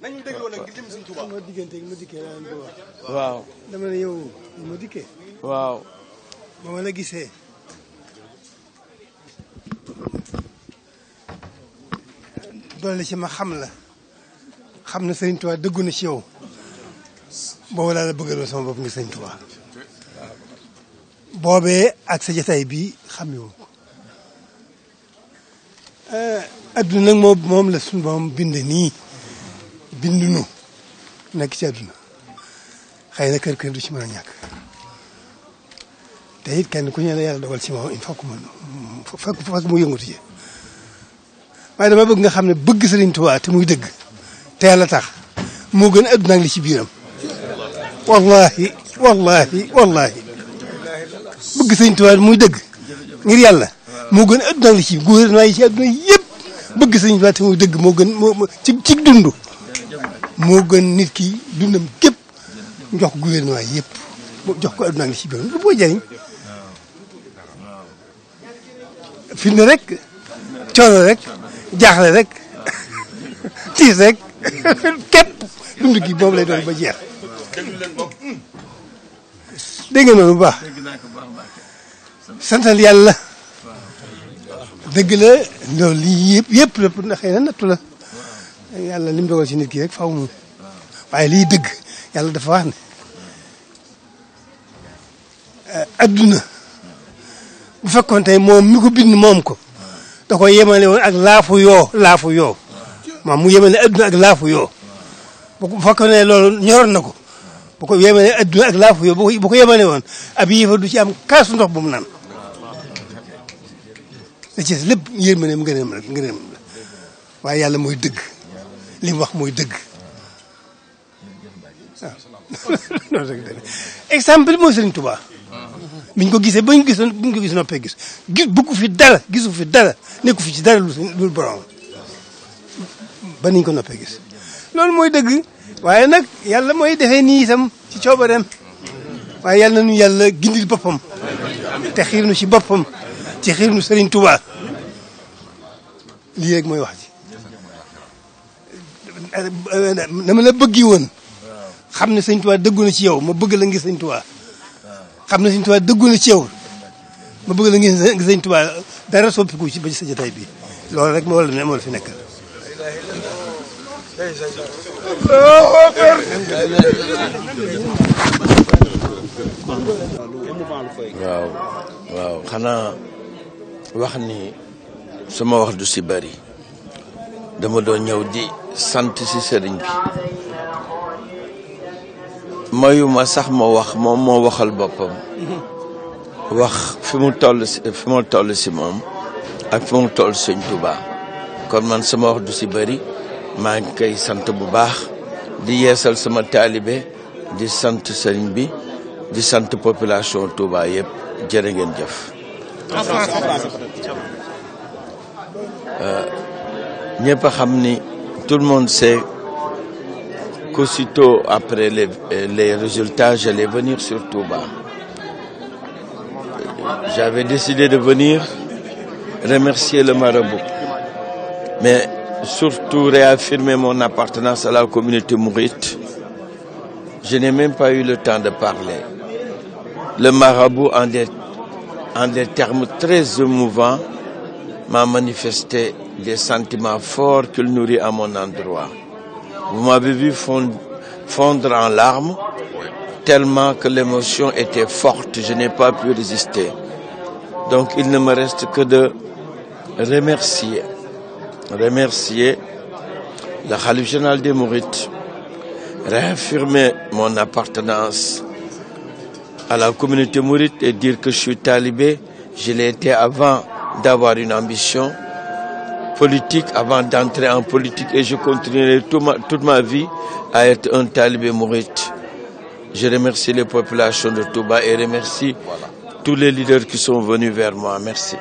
nañu dégloo nag ngir gisee dolli ci ma xam la xam na sëriñ Tuubaa dëggu na ci yow boobu laa la bëggaloon sama bopp nga sëriñ Tuubaa boobee ak sa bi bii xam yow eh, adduna nag moom la suñu boom bind nii bindu nu nekk ci àdduna xëy na kër kër du ci a ñàkk te it kenn ku ñu la yàlla dogal ci moom il faut que mu fekk fekk mu yëngatu bëgg nga xam ne bëgg Sëriñ Tuubaa te muy dëgg te yàlla tax moo gën àdduna ak li ci biiram wallahi wallahi wallahi bëgg Sëriñ Tuubaa muy dëgg ngir yàlla moo gën àdduna ak li ci gouvernement yi ci bëgg Sëriñ Tuubaa te muy dëgg moo gën moo ci ci dund moo gën nit ki dundam képp jox gouvernement yi yëpp jox ko adduna ngi si biir lu booy jëriñ fi ne rek coono rek jaaxle rek tiis rek képp dund gi moom lay doon ba jeex dégg nga noonu bu santal yàlla dëgg la loolu lii yëpp yëpp la xëy na nattu la yàlla lim mu dogal ci nit ki rek faaw mu waaye liy dëgg yàlla dafa wax eh, adduna bu fekkoon tey moom mi ko bind moom ko da ko yemale woon ak laafu yoo laafu yoo maam mu yemale adduna ak laafu yoo bu fekkoon ne na ko bu ko yemale adduna ak laafu yoo du ci am kaasu ndox bu mu naan da ci lépp yéen ma ne mu ngëneem la ngëneem la waaye yàlla mooy dëgg li mu wax mooy dëgg waaw exemple mooy Serigne Touba mm-hmm. biñ ko gisee bañ gisoon buñ ko gis noppee gis gis bëggu fi dara gisu fi dara nekku fi ci dara lu lu borom ko noppee gis loolu mooy dëgg waaye nag yàlla mooy defee nii itam ci coobareem waaye yàlla nañu yàlla gindil boppam te xiir nu ci boppam ci xiir nu Serigne Touba lii rek mooy wax ji na ma la bëggi woon xam na sëñ Tuubaa dëggu ci yow ma bëgg la ngir sëñ Tuubaa xam ne sëñ Tuubaa na ci yow ma bëgg la ngir sëñ Tuubaa dara ci ba ci sa jotaay bi loolu rek moo la moo la fi nekk waaw xanaa wax ni sama wax du si bari dama doon ñëw di sant ci sëriñ bi mayuma sax ma wax moom moo waxal boppam wax fi mu toll si fi mu toll si moom ak fi mu toll sëñ Tuubaa kon man sama wax du si bari maa ngi koy sant bu baax di yeesal sama taalibe di sant sëriñ bi di sant population Touba yépp jërë ngeen jëf. ñëpp a xam ni. Tout le monde sait qu'aussitôt après les, les résultats, j'allais venir sur Touba. J'avais décidé de venir remercier le marabout, mais surtout réaffirmer mon appartenance à la communauté mourite. Je n'ai même pas eu le temps de parler. Le marabout, en des, en des termes très émouvants, m'a manifesté des sentiments forts qu'il nourrit à mon endroit. Vous m'avez vu fondre, en larmes, tellement que l'émotion était forte, je n'ai pas pu résister. Donc il ne me reste que de remercier, des Mourides, réaffirmer mon appartenance la communauté mouride et dire que je suis talibé, je l'ai été avant d'avoir une ambition. politique avant d'entrer en politique et je continuerai toute ma, toute ma vie à être un talibé mourite. Je remercie les populations de Touba et remercie voilà. tous les leaders qui sont venus vers moi. Merci.